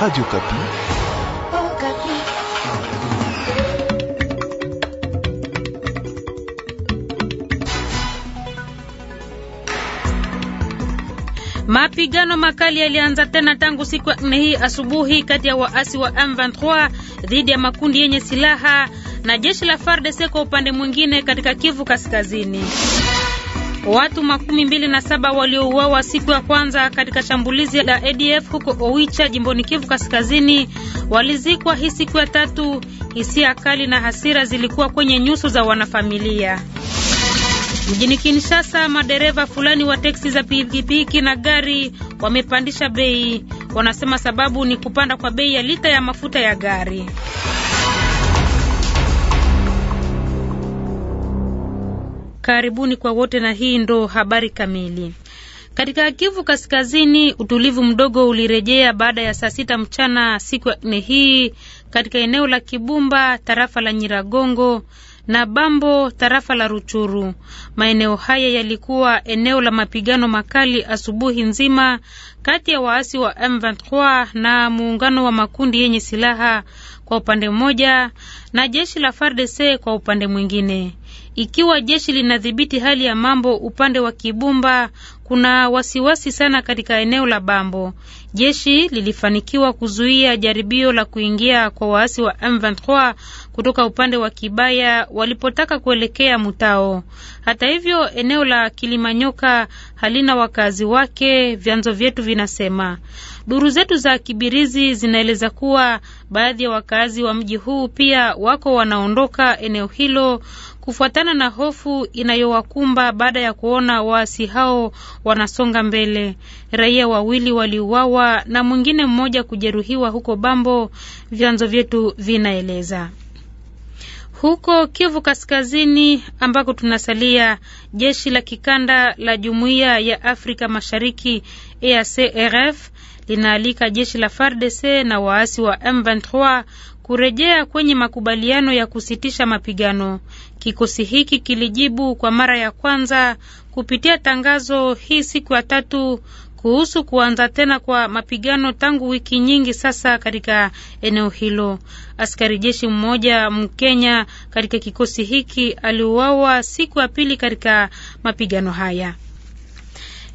Radio Kapi. Oh, Kapi. Mapigano makali yalianza tena tangu siku ya nne hii asubuhi kati ya waasi wa M23 dhidi ya makundi yenye silaha na jeshi la FARDC kwa upande mwingine katika Kivu Kaskazini. Watu makumi mbili na saba waliouawa siku ya kwanza katika shambulizi la ADF huko Oicha jimboni Kivu Kaskazini walizikwa hii siku ya tatu. Hisia kali na hasira zilikuwa kwenye nyuso za wanafamilia. Mjini Kinshasa, madereva fulani wa teksi za pikipiki na gari wamepandisha bei. Wanasema sababu ni kupanda kwa bei ya lita ya mafuta ya gari. Karibuni kwa wote, na hii ndo habari kamili. Katika Kivu Kaskazini, utulivu mdogo ulirejea baada ya saa sita mchana siku ya nne hii katika eneo la Kibumba, tarafa la Nyiragongo na Bambo, tarafa la Ruchuru. Maeneo haya yalikuwa eneo la mapigano makali asubuhi nzima kati ya waasi wa M23 na muungano wa makundi yenye silaha kwa upande mmoja na jeshi la FARDC kwa upande mwingine. Ikiwa jeshi linadhibiti hali ya mambo upande wa Kibumba, kuna wasiwasi sana katika eneo la Bambo. Jeshi lilifanikiwa kuzuia jaribio la kuingia kwa waasi wa M23 kutoka upande wa Kibaya walipotaka kuelekea Mutao. Hata hivyo, eneo la Kilimanyoka halina wakazi wake, vyanzo vyetu vinasema. Duru zetu za Kibirizi zinaeleza kuwa baadhi ya wakazi wa mji huu pia wako wanaondoka eneo hilo kufuatana na hofu inayowakumba baada ya kuona waasi hao wanasonga mbele. Raia wawili waliuawa na mwingine mmoja kujeruhiwa huko Bambo, vyanzo vyetu vinaeleza. Huko Kivu Kaskazini ambako tunasalia, jeshi la kikanda la Jumuiya ya Afrika Mashariki EACRF linaalika jeshi la FARDC na waasi wa M23 kurejea kwenye makubaliano ya kusitisha mapigano. Kikosi hiki kilijibu kwa mara ya kwanza kupitia tangazo hii siku ya tatu kuhusu kuanza tena kwa mapigano tangu wiki nyingi sasa katika eneo hilo. Askari jeshi mmoja Mkenya katika kikosi hiki aliuawa siku ya pili katika mapigano haya.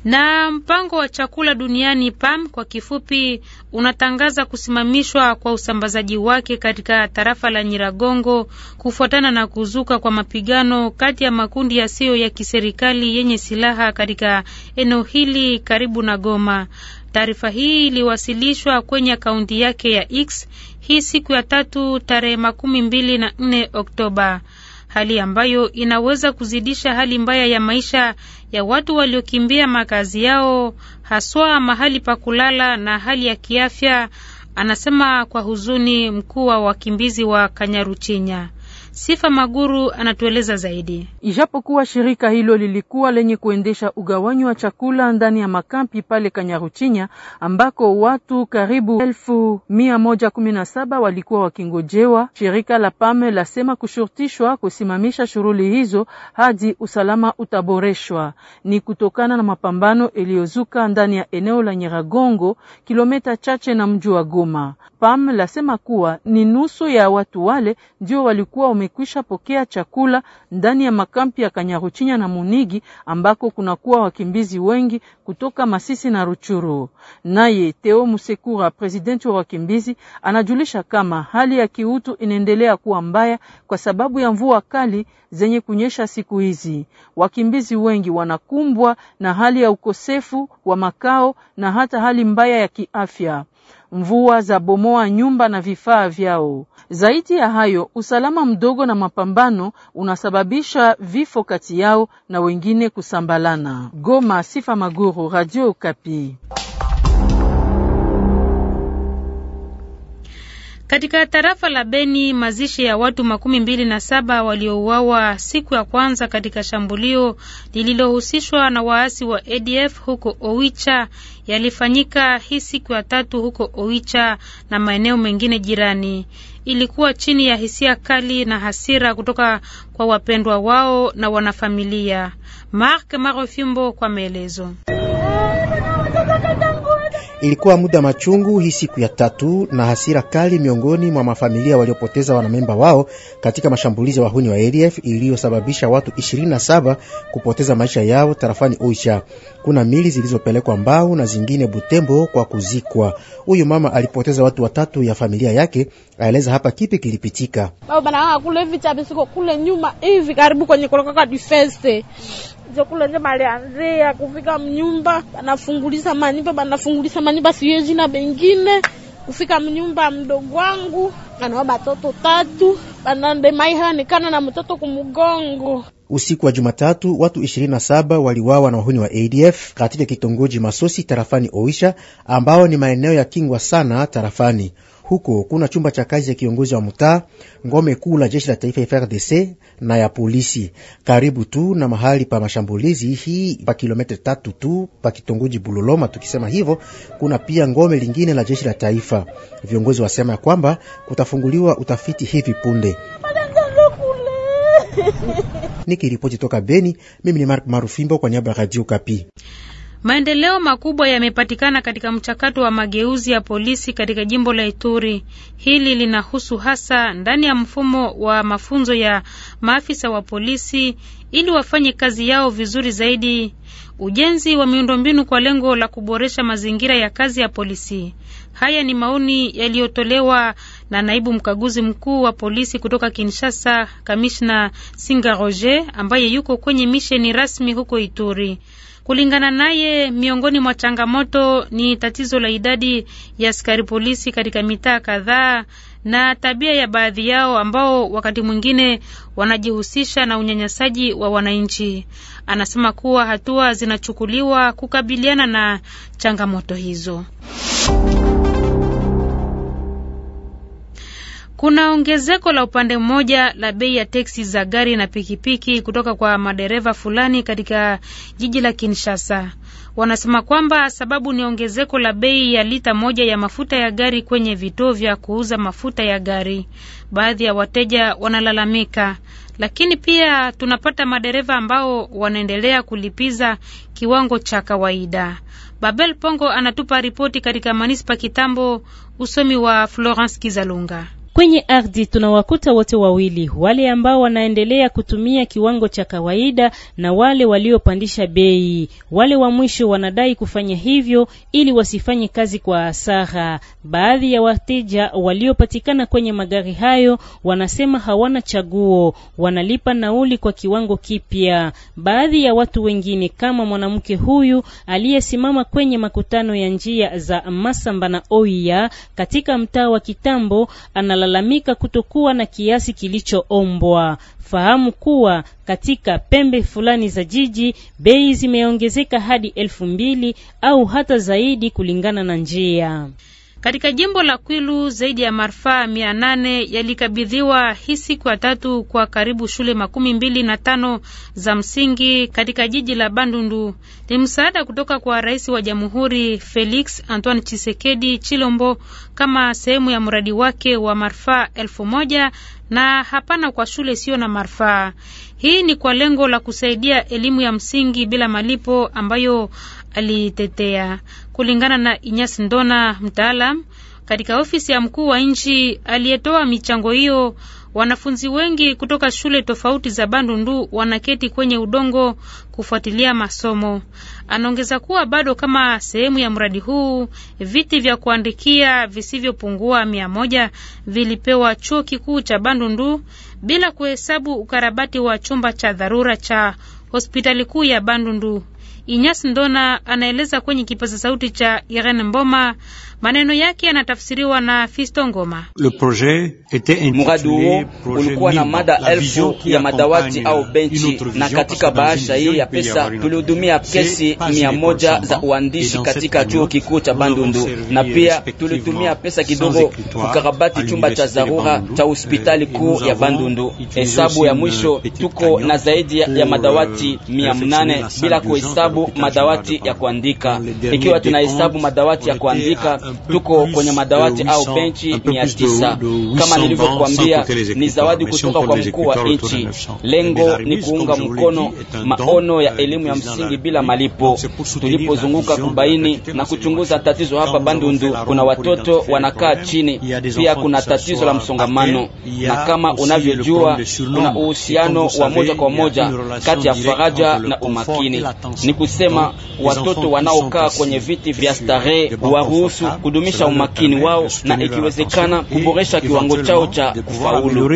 Na mpango wa chakula duniani PAM kwa kifupi unatangaza kusimamishwa kwa usambazaji wake katika tarafa la Nyiragongo kufuatana na kuzuka kwa mapigano kati ya makundi yasiyo ya kiserikali yenye silaha katika eneo hili karibu na Goma. Taarifa hii iliwasilishwa kwenye akaunti yake ya X hii siku ya tatu tarehe makumi mbili na nne Oktoba, hali ambayo inaweza kuzidisha hali mbaya ya maisha ya watu waliokimbia makazi yao, haswa mahali pa kulala na hali ya kiafya, anasema kwa huzuni mkuu wa wakimbizi wa Kanyaruchinya. Sifa Maguru anatueleza zaidi. Ijapokuwa shirika hilo lilikuwa lenye kuendesha ugawanyi wa chakula ndani ya makampi pale Kanyaruchinya ambako watu karibu elfu mia moja kumi na saba walikuwa wakingojewa, shirika la PAM lasema kushurutishwa kusimamisha shughuli hizo hadi usalama utaboreshwa. Ni kutokana na mapambano iliyozuka ndani ya eneo la Nyiragongo, kilomita chache na mji wa Goma. PAM lasema kuwa ni nusu ya watu wale ndio walikuwa wame wamekwisha pokea chakula ndani ya makampi ya Kanyaruchinya na Munigi ambako kunakuwa wakimbizi wengi kutoka Masisi na Ruchuru. Naye teo Musekura, presidenti wa wakimbizi, anajulisha kama hali ya kiutu inaendelea kuwa mbaya kwa sababu ya mvua kali zenye kunyesha siku hizi. Wakimbizi wengi wanakumbwa na hali ya ukosefu wa makao na hata hali mbaya ya kiafya. Mvua bomoa nyumba na vifaa vyao. Zaidi ya hayo, usalama mdogo na mapambano unasababisha vifo kati yao na wengine kusambalana. Goma, Sifa Maguru, Radio Kapi. Katika tarafa la Beni, mazishi ya watu makumi mbili na saba waliouawa siku ya kwanza katika shambulio lililohusishwa na waasi wa ADF huko Oicha yalifanyika hii siku ya tatu huko Oicha na maeneo mengine jirani. Ilikuwa chini ya hisia kali na hasira kutoka kwa wapendwa wao na wanafamilia. Mark Marofimbo kwa maelezo Ilikuwa muda machungu hii siku ya tatu na hasira kali miongoni mwa mafamilia waliopoteza wanamemba wao katika mashambulizi ya wahuni wa ADF iliyosababisha watu 27 kupoteza maisha yao tarafani Oicha. Kuna mili zilizopelekwa Mbau na zingine Butembo kwa kuzikwa. Huyu mama alipoteza watu watatu ya familia yake, aeleza hapa kipi kilipitika. Baba na kule vita kule nyuma hivi karibu kwenye kolokaka defense chakula nje balianzia kufika mnyumba banafungulisa manipa banafungulisa manipa siyo jina bengine kufika mnyumba mdogo wangu anawa batoto tatu banande banandemaihanikana na mtoto kumugongo. Usiku wa Jumatatu watu 27 waliwawa na wahuni wa ADF katika kitongoji Masosi tarafani Oisha, ambao ni maeneo ya kingwa sana tarafani huko kuna chumba cha kazi ya kiongozi wa mtaa, ngome kuu la jeshi la taifa FRDC na ya polisi, karibu tu na mahali pa mashambulizi, hii pa kilomita tatu tu pa kitongoji Bululoma. Tukisema hivyo, kuna pia ngome lingine la jeshi la taifa. Viongozi wasema ya kwamba kutafunguliwa utafiti hivi punde. Nikiripoti toka Beni, mimi ni Mark Marufimbo kwa niaba ya Radio Kapi. Maendeleo makubwa yamepatikana katika mchakato wa mageuzi ya polisi katika jimbo la Ituri. Hili linahusu hasa ndani ya mfumo wa mafunzo ya maafisa wa polisi ili wafanye kazi yao vizuri zaidi, ujenzi wa miundombinu kwa lengo la kuboresha mazingira ya kazi ya polisi. Haya ni maoni yaliyotolewa na naibu mkaguzi mkuu wa polisi kutoka Kinshasa, kamishna Singa Roger ambaye yuko kwenye misheni rasmi huko Ituri. Kulingana naye, miongoni mwa changamoto ni tatizo la idadi ya askari polisi katika mitaa kadhaa na tabia ya baadhi yao ambao wakati mwingine wanajihusisha na unyanyasaji wa wananchi. Anasema kuwa hatua zinachukuliwa kukabiliana na changamoto hizo. Kuna ongezeko la upande mmoja la bei ya teksi za gari na pikipiki kutoka kwa madereva fulani katika jiji la Kinshasa. Wanasema kwamba sababu ni ongezeko la bei ya lita moja ya mafuta ya gari kwenye vituo vya kuuza mafuta ya gari. Baadhi ya wateja wanalalamika, lakini pia tunapata madereva ambao wanaendelea kulipiza kiwango cha kawaida. Babel Pongo anatupa ripoti katika manispa Kitambo, usomi wa Florence Kizalunga. Kwenye ardhi tunawakuta wote wawili, wale ambao wanaendelea kutumia kiwango cha kawaida na wale waliopandisha bei. Wale wa mwisho wanadai kufanya hivyo ili wasifanye kazi kwa hasara. Baadhi ya wateja waliopatikana kwenye magari hayo wanasema hawana chaguo, wanalipa nauli kwa kiwango kipya. Baadhi ya watu wengine kama mwanamke huyu aliyesimama kwenye makutano ya njia za Masamba na oia katika mtaa wa Kitambo anala wanalalamika kutokuwa na kiasi kilichoombwa. Fahamu kuwa katika pembe fulani za jiji bei zimeongezeka hadi elfu mbili au hata zaidi kulingana na njia. Katika jimbo la Kwilu zaidi ya marfaa mia nane yalikabidhiwa hii siku ya tatu kwa karibu shule makumi mbili na tano za msingi katika jiji la Bandundu. Ni msaada kutoka kwa rais wa jamhuri Felix Antoine Chisekedi Chilombo kama sehemu ya mradi wake wa marfaa elfu moja na hapana kwa shule isiyo na marfaa. Hii ni kwa lengo la kusaidia elimu ya msingi bila malipo ambayo aliitetea. Kulingana na Inyas Ndona, mtaalam katika ofisi ya mkuu wa nchi aliyetoa michango hiyo, wanafunzi wengi kutoka shule tofauti za Bandundu wanaketi kwenye udongo kufuatilia masomo. Anaongeza kuwa bado kama sehemu ya mradi huu, viti vya kuandikia visivyopungua mia moja vilipewa chuo kikuu cha Bandundu bila kuhesabu ukarabati wa chumba cha dharura cha hospitali kuu ya Bandundu. Inyas Ndona anaeleza kwenye kipaza sauti cha Irene Mboma Maneno yake yanatafsiriwa na Fisto Ngoma. Mradi huo ulikuwa na mada elfu ya madawati au benchi, na katika bahasha hii ya pesa tulihudumia kesi mia moja za uandishi katika chuo kikuu cha Bandundu, na pia tulitumia pesa kidogo kukarabati chumba cha dharura cha hospitali kuu ya Bandundu. Hesabu ya mwisho tuko na zaidi ya madawati euh, mia mnane bila kuhesabu madawati ya kuandika. Ikiwa tunahesabu madawati ya kuandika tuko kwenye madawati au benchi mia tisa. Kama nilivyokuambia, ni zawadi kutoka kwa mkuu wa nchi. Eh Lengo ni kuunga mkono maono ya euh, elimu ya msingi bila malipo. Tulipozunguka kubaini na kuchunguza tatizo hapa Bandundu, kuna watoto wanakaa chini, pia kuna tatizo la msongamano, na kama unavyojua, kuna uhusiano wa moja kwa moja kati ya faraja na umakini. Ni kusema watoto wanaokaa kwenye viti vya starehe waruhusu kudumisha umakini wao na ikiwezekana kuboresha kiwango chao cha kufaulu.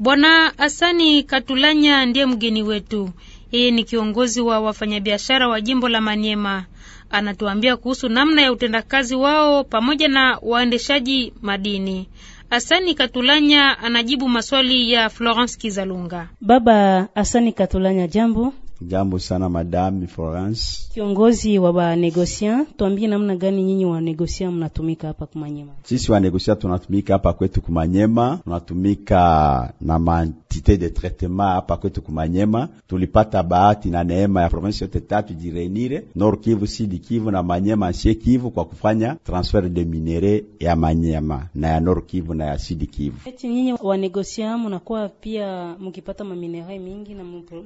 Bwana Asani Katulanya ndiye mgeni wetu. Yeye ni kiongozi wa wafanyabiashara wa jimbo la Maniema. Anatuambia kuhusu namna ya utendakazi wao pamoja na waendeshaji madini. Asani Katulanya anajibu maswali ya Florence Kizalunga. Baba Asani Katulanya, jambo. Jambo sana Madame Florence, kiongozi wa ba negosia, tuambie namna gani nyinyi wa negosia mnatumika hapa Kumanyema? Sisi wa negosia tunatumika hapa kwetu Kumanyema, tunatumika na man cité de traitement hapa kwetu kumanyema. Tulipata bahati na neema ya provinsi yote tatu jirenire Nord Kivu, Sud Kivu na Manyema Nsie Kivu kwa kufanya transfer de minere ya Manyema na ya Nord Kivu na ya Sud Kivu. Eti nyinyi wanegosia mnakuwa pia mkipata maminere mingi na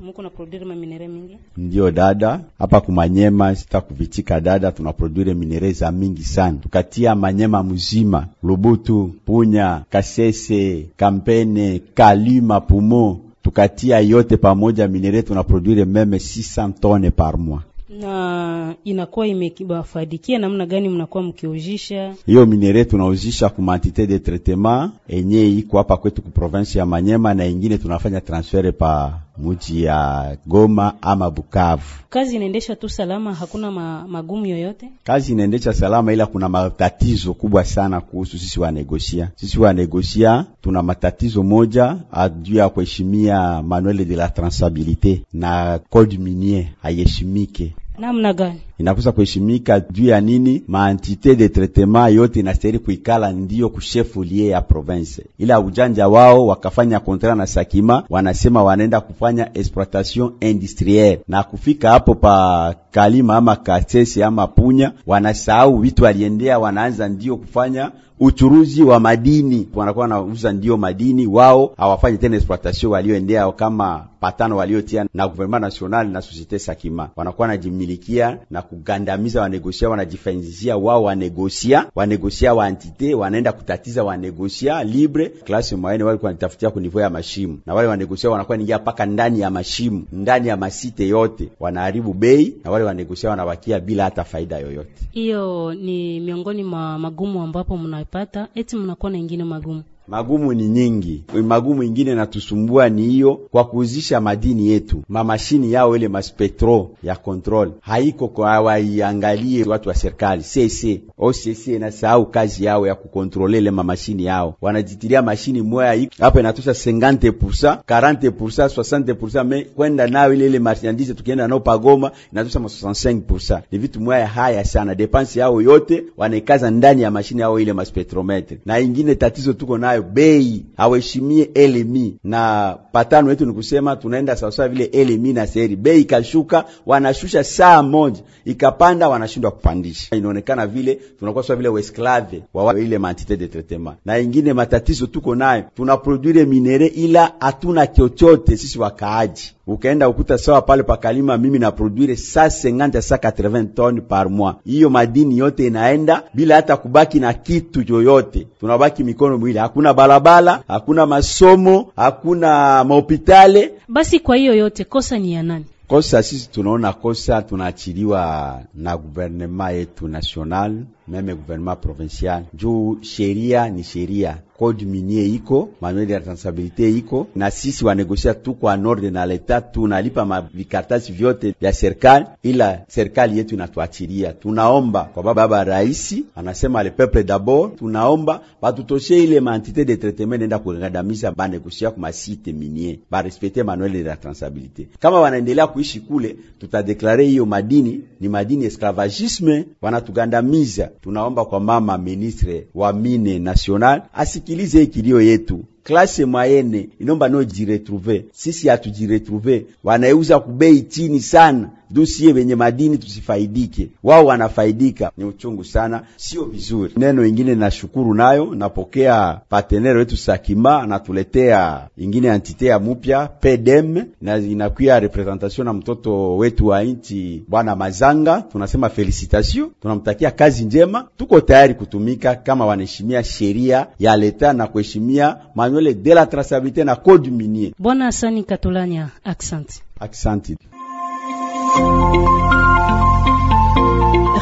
mko na produire maminere mingi? Ndio dada, hapa kumanyema sita kuvitika dada, tuna minere za mingi sana, tukatia Manyema mzima Lubutu, Punya, Kasese, Kampene, Kalima Pu pumo tukatia yote pamoja minere tunaproduire meme 600 tone par mois na inakuwa imekibafadikia namna gani? Mnakuwa mkiuzisha hiyo minere? Tunauzisha ku mantite de traitement enye iko hapa kwetu ku province ya Manyema, na ingine tunafanya transfert pa muji ya Goma ama Bukavu. Kazi inaendesha tu salama, hakuna ma, magumu yoyote. Kazi inaendesha salama, ila kuna matatizo kubwa sana kuhusu sisi wanegosia. Sisi wanegosia tuna matatizo moja juu ya kuheshimia manuel de la transabilite na code minier haiheshimike namna gani inakosa kuheshimika juu ya nini? Maantite de traitement yote inastahili kuikala ndiyo kushefulie ya province, ila ujanja wao wakafanya kontra na Sakima, wanasema wanaenda kufanya exploitation industrielle na kufika hapo pa Kalima ama Kasese ama Punya, wanasahau vitu waliendea wanaanza ndiyo kufanya uchuruzi wa madini, wanakuwa wanauza ndiyo madini, wao hawafanyi tena exploitation walioendea kama mapatano waliotia na gouvernement national na societe Sakima, wanakuwa najimilikia na kugandamiza wanegosia, wanajifanyizia wao wanegosia, wanegosia wa entite wanaenda kutatiza wanegosia libre. Klasi moyene walikuwa nitafutia kunivyo ya mashimu, na wale wanegosia wanakuwa ningia mpaka ndani ya mashimu, ndani ya masite yote, wanaharibu bei, na wale wanegosia wanawakia bila hata faida yoyote. Hiyo ni miongoni mwa magumu ambapo mnaipata, eti mnakuwa na ingine magumu Magumu ni nyingi, magumu ingine natusumbua ni hiyo kwa kuuzisha madini yetu, mamashini yao ile maspetro ya control haiko kwa waiangalie watu wa serikali sese osese, nasahau kazi yao ya kukontrole ile mamashini yao, wanajitilia mashini moya hapo inatosha 50 40 60 me kwenda nayo ile ile marchandise tukienda nao pagoma inatosha ma 65 Ni vitu moya haya sana, depansi yao yote wanaikaza ndani ya mashini yao ile maspetrometre, na ingine tatizo tuko nayo ambayo bei aweshimie elemi na patano yetu, ni kusema tunaenda sawasawa vile elemi na seri. Bei ikashuka wanashusha saa moja, ikapanda wanashindwa kupandisha. Inaonekana vile tunakuwa sawa vile wesklave wa ile mantite de traitement. Na ingine matatizo tuko nayo, tunaproduire minere ila hatuna chochote sisi wakaaji ukaenda ukuta sawa pale pakalima mimi na produire 150 sa 80 toni par mois. Hiyo madini yote inaenda bila hata kubaki na kitu choyote, tunabaki mikono miwili, hakuna balabala hakuna masomo, hakuna mahopitale. Basi kwa hiyo yote kosa ni ya nani? Kosa sisi tunaona kosa tunaachiliwa na guvernema yetu national, meme guvernema provincial, juu sheria ni sheria code minier iko manuel ya responsabilité iko na sisi wanegosia tu kwa norde na leta tunalipa mavikartasi vyote vya serikali, ila serikali yetu inatuachilia. Tunaomba kwa baba raisi anasema le peuple d'abord, tunaomba batutoshe ile mantite de traitement nenda kugandamiza banegosia kwa masite minie, barespecte manuel ya responsabilité. Kama wanaendelea kuishi kule, tutadeklare hiyo madini ni madini esclavagisme, wanatugandamiza. Tunaomba kwa mama ministre wa mine national asiki asikilize kilio yetu klase mayene inomba no jiretruve Sisi hatujiretruve wanaeuza kubei chini sana dusie wenye madini tusifaidike, wao wanafaidika. Ni uchungu sana, sio vizuri. Neno ingine nashukuru nayo, napokea partenere wetu Sakima anatuletea ingine antite ya mupya PDM na inakuya representation na mtoto wetu wa nchi bwana Mazanga, tunasema felicitation, tunamtakia kazi njema. Tuko tayari kutumika kama wanaheshimia sheria ya leta na kuheshimia Emmanuel de la traçabilité na code minier. Bwana Sani Katolanya, accent. Accent.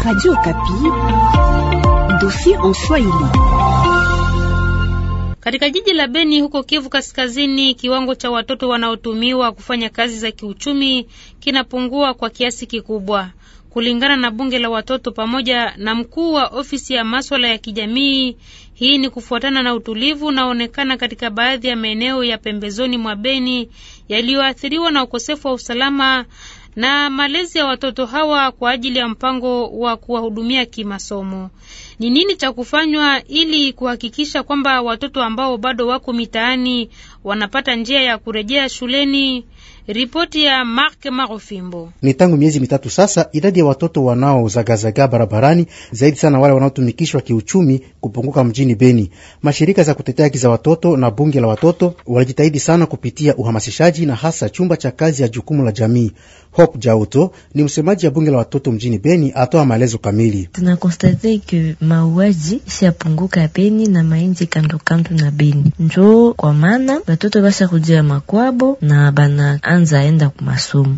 Radio Kapi, dofi en Swahili. Katika jiji la Beni huko Kivu Kaskazini, kiwango cha watoto wanaotumiwa kufanya kazi za kiuchumi kinapungua kwa kiasi kikubwa kulingana na bunge la watoto pamoja na mkuu wa ofisi ya maswala ya kijamii. Hii ni kufuatana na utulivu unaoonekana katika baadhi ya maeneo ya pembezoni mwa Beni yaliyoathiriwa na ukosefu wa usalama na malezi ya watoto hawa kwa ajili ya mpango wa kuwahudumia kimasomo. Ni nini cha kufanywa ili kuhakikisha kwamba watoto ambao bado wako mitaani wanapata njia ya kurejea shuleni? Ripoti ya Mark Marofimbo. Ni tangu miezi mitatu sasa, idadi ya watoto wanaozagazaga barabarani, zaidi sana wale wanaotumikishwa kiuchumi, kupunguka mjini Beni. Mashirika za kutetea haki za watoto na bunge la watoto walijitahidi sana kupitia uhamasishaji na hasa chumba cha kazi ya jukumu la jamii. Hope Jauto ni msemaji wa bunge la watoto mjini Beni, atoa maelezo kamili. Tunakonstate ke mauaji siyapunguka Beni na mainji kando kando na Beni, njo kwa maana watoto basa kujia makwabo na bana anaanza enda kumasomo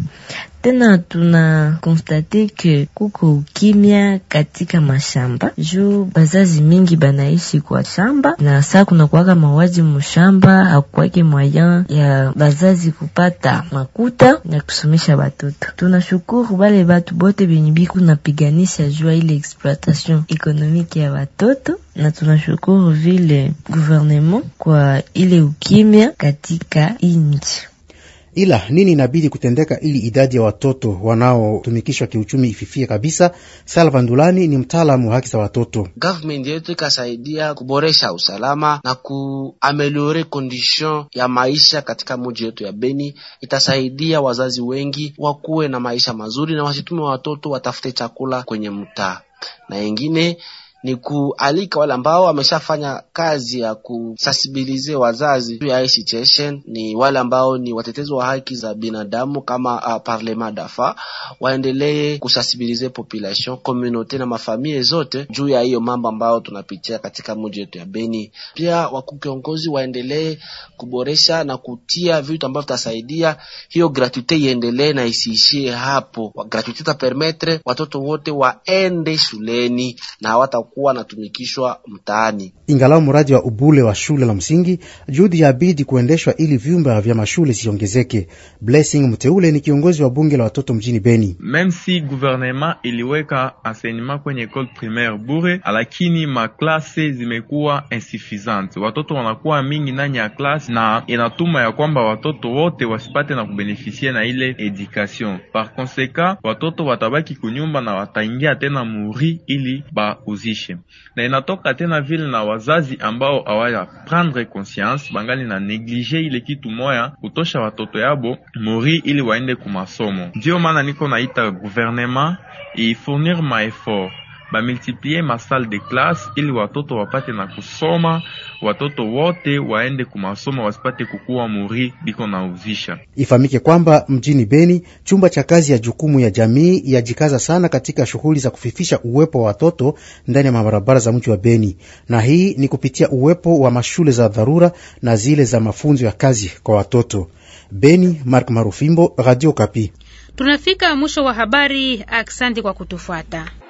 tena. Tuna konstate ke kuko ukimya katika mashamba juu bazazi mingi banaishi kwa shamba, na saa kunakuwaka mawaji mushamba, hakukwake mwayan ya bazazi kupata makuta na kusomesha batoto. Tunashukuru bale batu bote benye biku napiganisha jua ile exploitation ekonomiki ya batoto, na tunashukuru vile gouvernement kwa ile ukimya katika inchi. Ila nini inabidi kutendeka ili idadi ya watoto wanaotumikishwa kiuchumi ififie kabisa? Salva Ndulani ni mtaalamu wa haki za watoto. Government yetu ikasaidia kuboresha usalama na kuameliore condition ya maisha katika moji yetu ya Beni, itasaidia wazazi wengi wakuwe na maisha mazuri na wasitume watoto watafute chakula kwenye mtaa na ingine ni kualika wale ambao wameshafanya kazi ya kusasibilize wazazi juu ya situation. Ni wale ambao ni watetezi wa haki za binadamu kama uh, Parlement Dafa waendelee kusasibilize population community na mafamilie zote juu ya hiyo mambo ambayo tunapitia katika mji wetu ya Beni. Pia wakuu kiongozi waendelee kuboresha na kutia vitu ambavyo vitasaidia hiyo gratuite iendelee na isiishie hapo. Gratuite itapermetre watoto wote waende shuleni na hawata kuwa anatumikishwa mtaani. Ingalau mradi wa ubule wa shule la msingi, juhudi ya bidi kuendeshwa ili vyumba vya mashule zisiongezeke. Blessing Mteule ni kiongozi wa bunge la watoto mjini Beni. Meme si guvernema iliweka enseignement kwenye ecole primaire bure, lakini maklase zimekuwa insuffisantes, watoto wanakuwa mingi ndani ya klase, na inatuma ya kwamba watoto wote wasipate na kubenefisie na ile education. Par konsekant watoto watabaki kunyumba na wataingia tena muri ili bauzishe maisha na inatoka tena vile na wazazi ambao awaya prendre conscience bangali na neglige ile kitu moya kutosha watoto yabo mori ili waende kumasomo. Ndiyo maana niko naita gouvernement ifournir maefort bamultiplie masale de classe ili watoto wapate na kusoma, watoto wote waende kumasoma wasipate kukuwa muri biko na uvisha. Ifahamike kwamba mjini Beni chumba cha kazi ya jukumu ya jamii yajikaza sana katika shughuli za kufifisha uwepo wa watoto ndani ya mabarabara za mji wa Beni, na hii ni kupitia uwepo wa mashule za dharura na zile za mafunzo ya kazi kwa watoto. Beni, Mark Marufimbo, Radio Kapi. Tunafika mwisho wa habari. Aksandi kwa kutufuata.